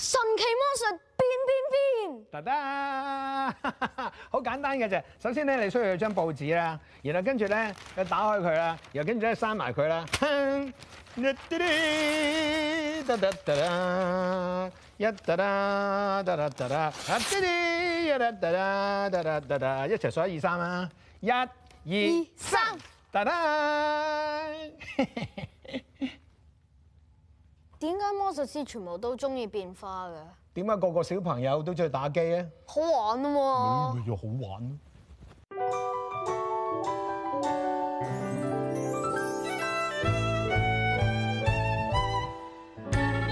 神奇魔術變變變，得得，好 簡單嘅啫。首先咧，你需要一張報紙啦，然後跟住咧要打開佢啦，然後跟住咧閂埋佢啦。一、一齊數一二三、二三，啦，一二三，得得。點解魔術師全部都中意變化嘅？點解個個小朋友都中意打機咧？好玩啊嘛，啊！要好玩、啊。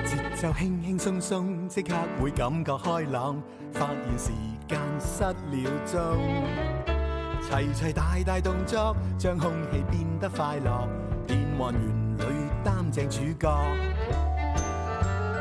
節奏輕輕鬆鬆，即刻會感覺開朗，發現時間失了蹤，齊齊大大動作，將空氣變得快樂，變幻園裏擔正主角。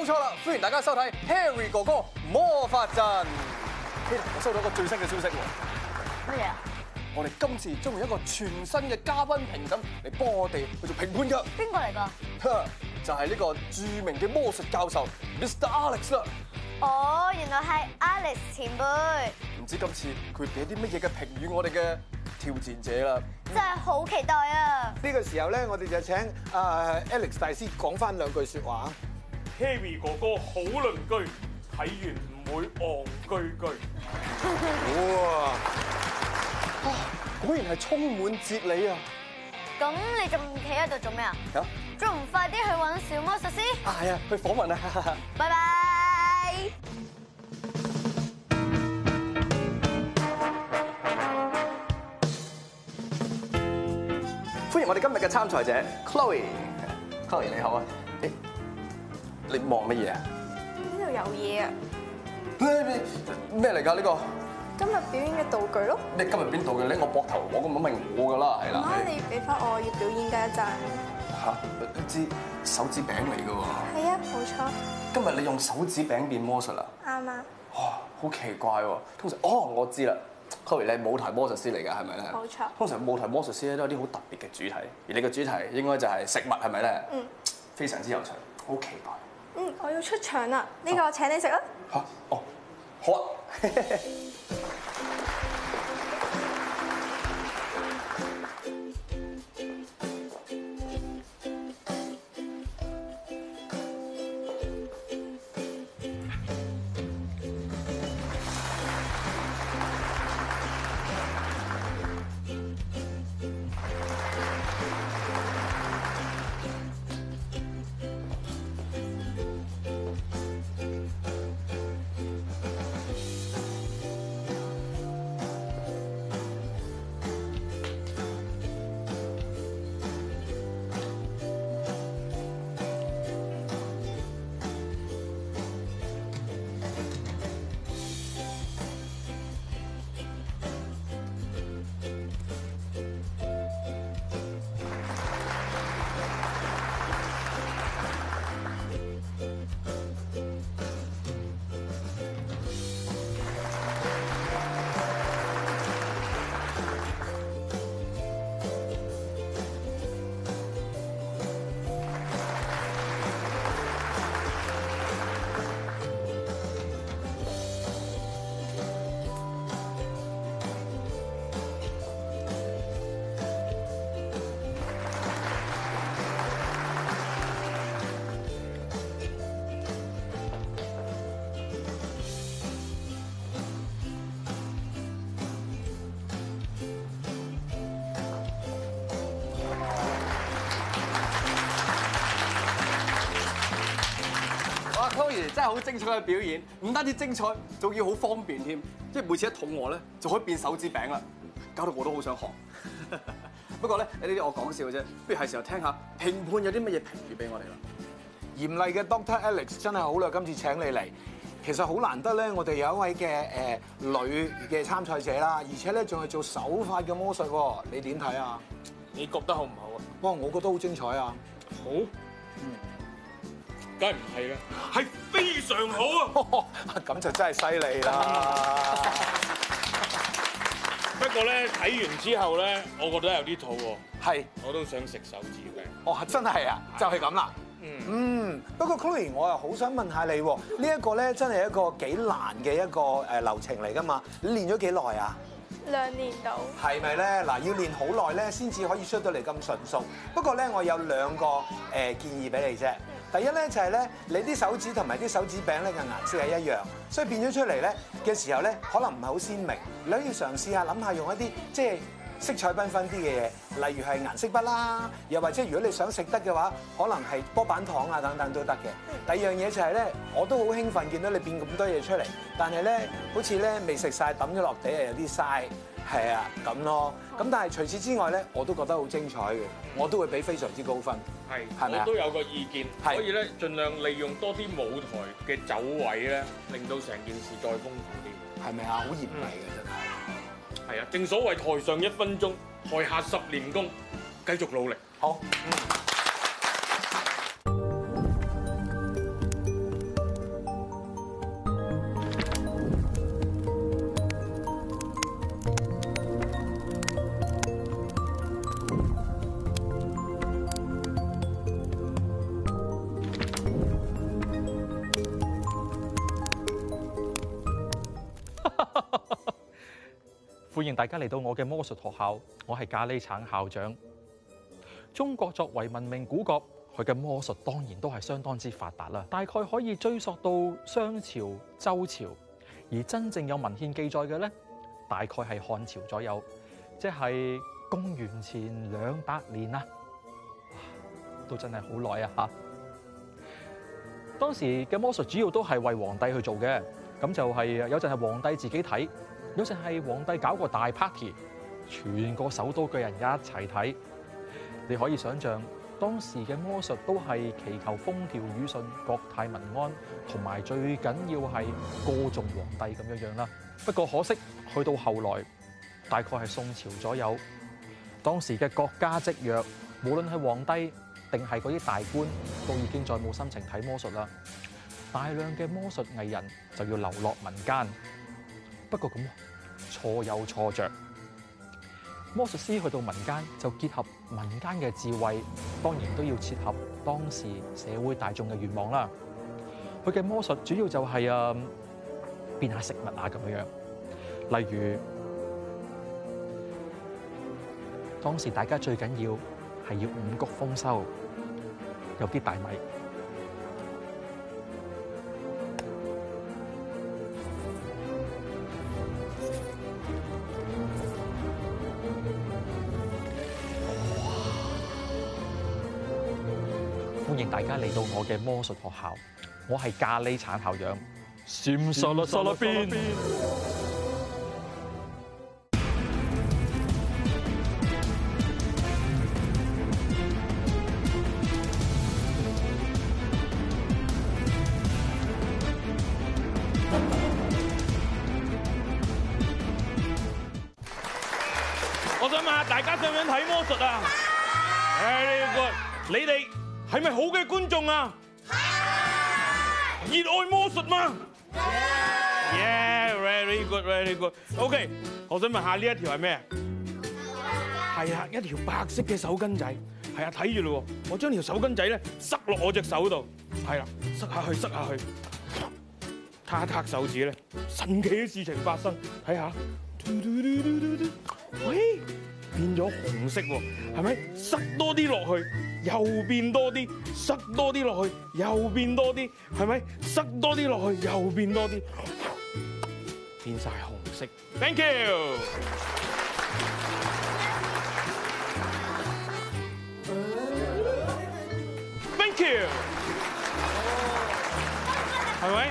冇錯啦！歡迎大家收睇 Harry 哥哥魔法陣。我收到一個最新嘅消息喎。乜嘢啊？我哋今次將會一個全新嘅嘉賓評審嚟幫我哋去做評判嘅。邊個嚟㗎？就係呢個著名嘅魔術教授 Mr. Alex 啦。哦，原來係 Alex 前輩。唔知今次佢會俾啲乜嘢嘅評語我哋嘅挑戰者啦。真係好期待啊！呢個時候咧，我哋就請啊 Alex 大師講返兩句説話。Heavy 哥哥好鄰居，睇完唔會戇居居。哇！果然係充滿哲理啊！咁你仲唔企喺度做咩啊？仲唔快啲去揾小魔術師？啊係啊，去訪問啊！ 拜拜！歡迎我哋今日嘅參賽者 Chloe，Chloe Chloe，你好啊！你望乜嘢啊？呢度有嘢啊！咩咩嚟㗎？呢、呢個今日表演嘅道具咯、嗯。你今日邊度嘅咧？我膊頭我嘅冇，咪我㗎啦，係啦。你俾翻我要表演嘅一陣。嚇、啊，一支手指餅嚟㗎喎。係啊，冇錯。今日你用手指餅變魔術啊？啱啊。好、哦、奇怪喎！通常哦，我知啦 Kobe 你係舞台魔術師嚟㗎，係咪咧？冇錯。通常舞台魔術師咧都有啲好特別嘅主題，而你個主題應該就係食物，係咪咧？非常之有趣，好期待。我要出場啦，呢個我請你食啊！嚇！哦，好啊。真係好精彩嘅表演，唔單止精彩，仲要好方便添，即係每次一肚餓咧，就可以變手指餅啦，搞到我都好想學。 不過咧，你呢啲我講笑嘅啫，不如係時候聽下評判有啲乜嘢評語俾我哋啦。嚴厲嘅 Doctor Alex 真係好耐，今次請你嚟，其實好難得咧，我哋有一位嘅誒、呃、女嘅參賽者啦，而且咧仲係做手法嘅魔術喎，你點睇啊？你覺得好唔好啊？不過，我覺得好精彩啊！好，嗯。梗係唔係啦，係非常好啊！咁、哦、就真係犀利啦。不過咧，睇完之後咧，我覺得有啲肚餓，係我都想食手指嘅。哦，真係啊，就係咁啦。嗯，不過，Chloe，我又好想問下你喎，呢、這個、一個咧真係一個幾難嘅一個誒流程嚟㗎嘛。你練咗幾耐啊？兩年到，係咪咧？嗱，要練好耐咧，先至可以出到嚟咁純熟。不過咧，我有兩個誒建議俾你啫。第一咧就係咧，你啲手指同埋啲手指餅咧嘅顏色係一樣，所以變咗出嚟咧嘅時候咧，可能唔係好鮮明。你可以嘗試下諗下用一啲即係色彩繽紛啲嘅嘢，例如係顏色筆啦，又或者如果你想食得嘅話，可能係波板糖啊等等都得嘅。第二樣嘢就係咧，我都好興奮見到你變咁多嘢出嚟，但係咧好似咧未食晒，抌咗落地，有啲嘥。係啊，咁咯，咁但係除此之外咧，我都覺得好精彩嘅，我都會俾非常之高分。係，你都有個意見？係，可以咧，盡量利用多啲舞台嘅走位咧，令到成件事再豐富啲。係咪啊？好嚴厲嘅真係。係啊，正所謂台上一分鐘，台下十年功。繼續努力。好。歡迎大家嚟到我嘅魔術學校，我係咖喱橙校長。中國作為文明古國，佢嘅魔術當然都係相當之發達啦。大概可以追溯到商朝、周朝，而真正有文獻記載嘅呢，大概係漢朝左右，即係公元前兩百年啦，都真係好耐啊！吓，當時嘅魔術主要都係為皇帝去做嘅，咁就係有陣係皇帝自己睇。有陣係皇帝搞個大 party，全個首都嘅人一齊睇。你可以想象當時嘅魔術都係祈求風調雨順、國泰民安，同埋最緊要係歌頌皇帝咁樣樣啦。不過可惜，去到後來，大概係宋朝左右，當時嘅國家積弱，無論係皇帝定係嗰啲大官，都已經再冇心情睇魔術啦。大量嘅魔術藝人就要流落民間。不過咁，錯有錯着。魔術師去到民間就結合民間嘅智慧，當然都要切合當時社會大眾嘅願望啦。佢嘅魔術主要就係、是、啊、嗯，變下食物啊咁樣樣。例如，當時大家最緊要係要五穀豐收，有啲大米。歡迎大家嚟到我嘅魔術學校，我係咖喱產校長。閃索拉索拉邊！我想問下大家想唔想睇魔術啊？Yeah. Right, 你哋。係咪好嘅觀眾啊？係、啊！熱愛魔術嗎？啊！Yeah，very good，very good。OK，我想問下呢一條係咩？係啊，一條白色嘅手巾仔。係啊，睇住咯。我將條手巾仔咧塞落我隻手度。係啦、啊，塞下去，塞下去。撻撻手指咧，神奇嘅事情發生。睇下。咗紅色喎，係咪塞多啲落去又變多啲？塞多啲落去又變多啲，係咪塞多啲落去又變多啲？變晒紅色，thank you，thank you，係咪？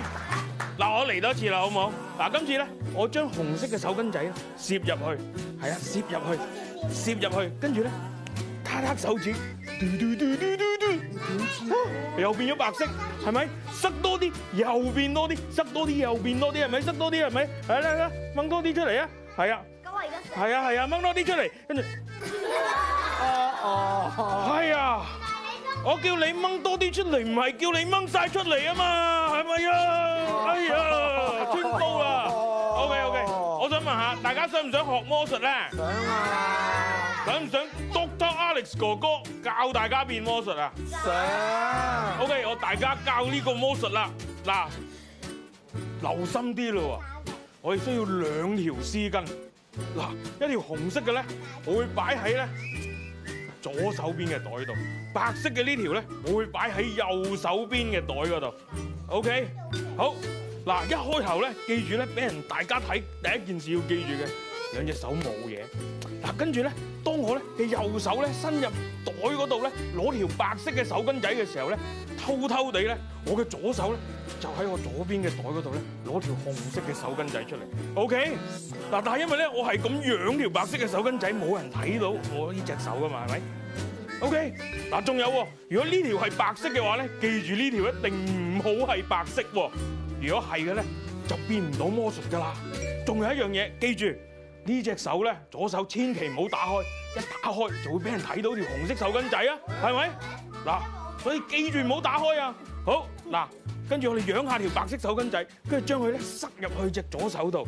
嗱，我嚟多次啦，好冇？嗱，今次咧，我將紅色嘅手巾仔攝入去，係啊，攝入去。攝入去，跟住咧，卡卡手指，嘟嘟嘟嘟嘟嘟，又變咗白色，係咪？塞多啲，又變多啲，塞多啲，又變多啲，係咪？塞多啲，係咪？係啦係啦，掹多啲出嚟啊！係啊，係啊係啊，掹多啲出嚟，跟住，哦哦，係啊，我叫你掹多啲出嚟，唔係叫你掹晒出嚟啊嘛，係咪啊？哎呀，穿煲啊！OK OK，我想問下大家想唔想學魔術咧？想啊！想唔想 Doctor Alex 哥哥教大家變魔術啊？想。OK，我大家教呢個魔術啦。嗱，留心啲咯喎，我哋需要兩條絲巾。嗱，一條紅色嘅咧，我會擺喺咧左手邊嘅袋度；白色嘅呢條咧，我會擺喺右手邊嘅袋嗰度。OK，好。嗱，一開頭咧，記住咧，俾人大家睇第一件事要記住嘅，兩隻手冇嘢。嗱，跟住咧，當我咧嘅右手咧伸入袋嗰度咧，攞條白色嘅手巾仔嘅時候咧，偷偷地咧，我嘅左手咧就喺我左邊嘅袋嗰度咧攞條紅色嘅手巾仔出嚟。OK，嗱，但係因為咧我係咁樣條白色嘅手巾仔，冇人睇到我呢隻手噶嘛，係咪？OK，嗱，仲有喎，如果呢條係白色嘅話咧，記住呢條一定唔好係白色喎。如果係嘅咧，就變唔到魔術噶啦。仲有一樣嘢，記住。呢隻手咧，左手千祈唔好打開，一打開就會俾人睇到條紅色手巾仔啊，係咪？嗱、嗯，所以記住唔好打開啊。好，嗱，跟住我哋揚下條白色手巾仔，跟住將佢咧塞入去隻左手度。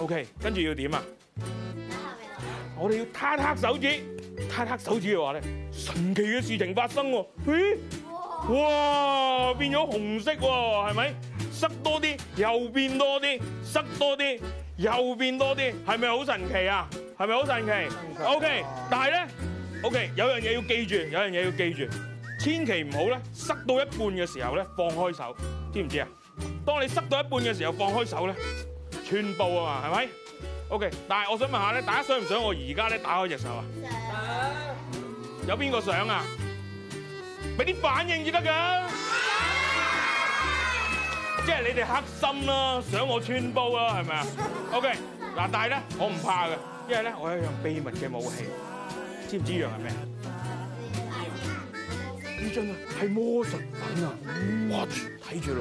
OK，跟住要點啊？我哋要撻黑手指，撻黑手指嘅話咧，神奇嘅事情發生喎。咦？哇，變咗紅色喎，係咪？塞多啲，又變多啲，塞多啲。右邊多啲，係咪好神奇啊？係咪好神奇？OK，但係咧，OK，有樣嘢要記住，有樣嘢要記住，千祈唔好咧，塞到一半嘅時候咧，放開手，知唔知啊？當你塞到一半嘅時候，放開手咧，全部啊嘛，係咪？OK，但係我想問下咧，大家想唔想我而家咧打開隻手啊？想，有邊個想啊？俾啲反應先得㗎。即係你哋黑心啦、啊，想我穿煲啦、啊，係咪啊？OK，嗱，但係咧，我唔怕嘅，因為咧，我有一樣秘密嘅武器，知唔知樣係咩？呢樽啊，係魔術品啊！哇，睇住咯，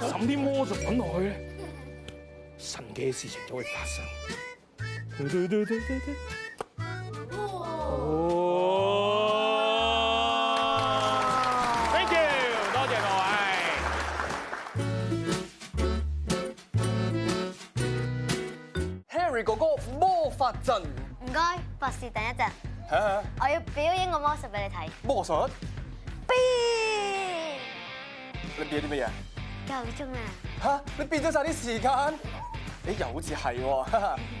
揼啲魔術品落去咧，神奇嘅事情就會發生。唔該，博士等一陣、啊。我要表演個魔術俾你睇。魔術你變咗啲乜嘢？夠鍾啦！嚇！你變咗晒啲時間？咦，又好似係喎。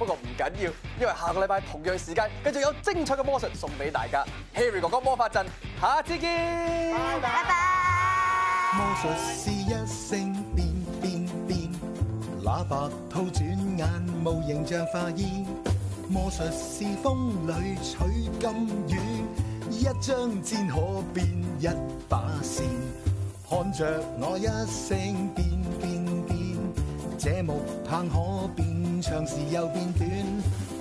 不過唔緊要，因為下個禮拜同樣時間繼續有精彩嘅魔術送俾大家。 Harry 哥哥魔法陣，下次見。拜拜。魔術師一聲變，變變變，那白兔轉眼無形象化煙。魔術是風裏取咁遠，一張箭可變一把扇，看着我一聲變變變，這木棒可變長時又變短，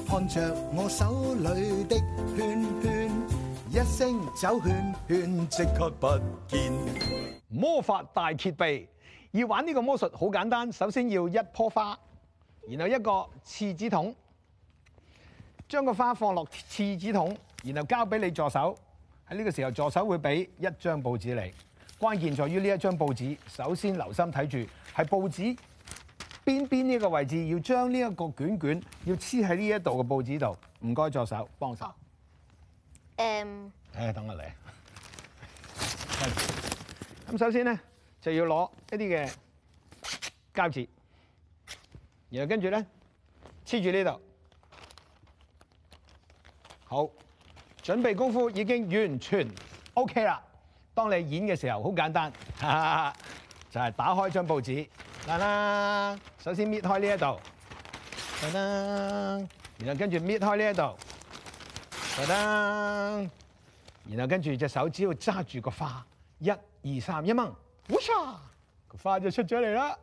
看着我手裏的圈圈，一聲走圈圈即刻不見。魔法大揭秘，要玩呢個魔術好簡單，首先要一棵花，然後一個廁紙筒。將個花放落廁紙筒，然後交俾你助手。喺呢個時候，助手會俾一張報紙嚟。關鍵在於呢一張報紙，首先留心睇住，係報紙邊邊呢一個位置，要將呢一個卷卷要黐喺呢一度嘅報紙度。唔該，助手幫手。誒，誒，等我嚟。咁首先咧就要攞一啲嘅膠紙，然後跟住咧黐住呢度。好，準備功夫已經完全 OK 啦。當你演嘅時候，好簡單，哈哈就係、是、打開張報紙，啦啦，首先搣開呢一度，啦啦，然後跟住搣開呢一度，啦啦，然後跟住隻手指要揸住個花，一二三，一掹，哇嚓，個花就出咗嚟啦。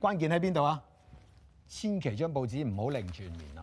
關鍵喺邊度啊？千祈張報紙唔好擰轉面咯。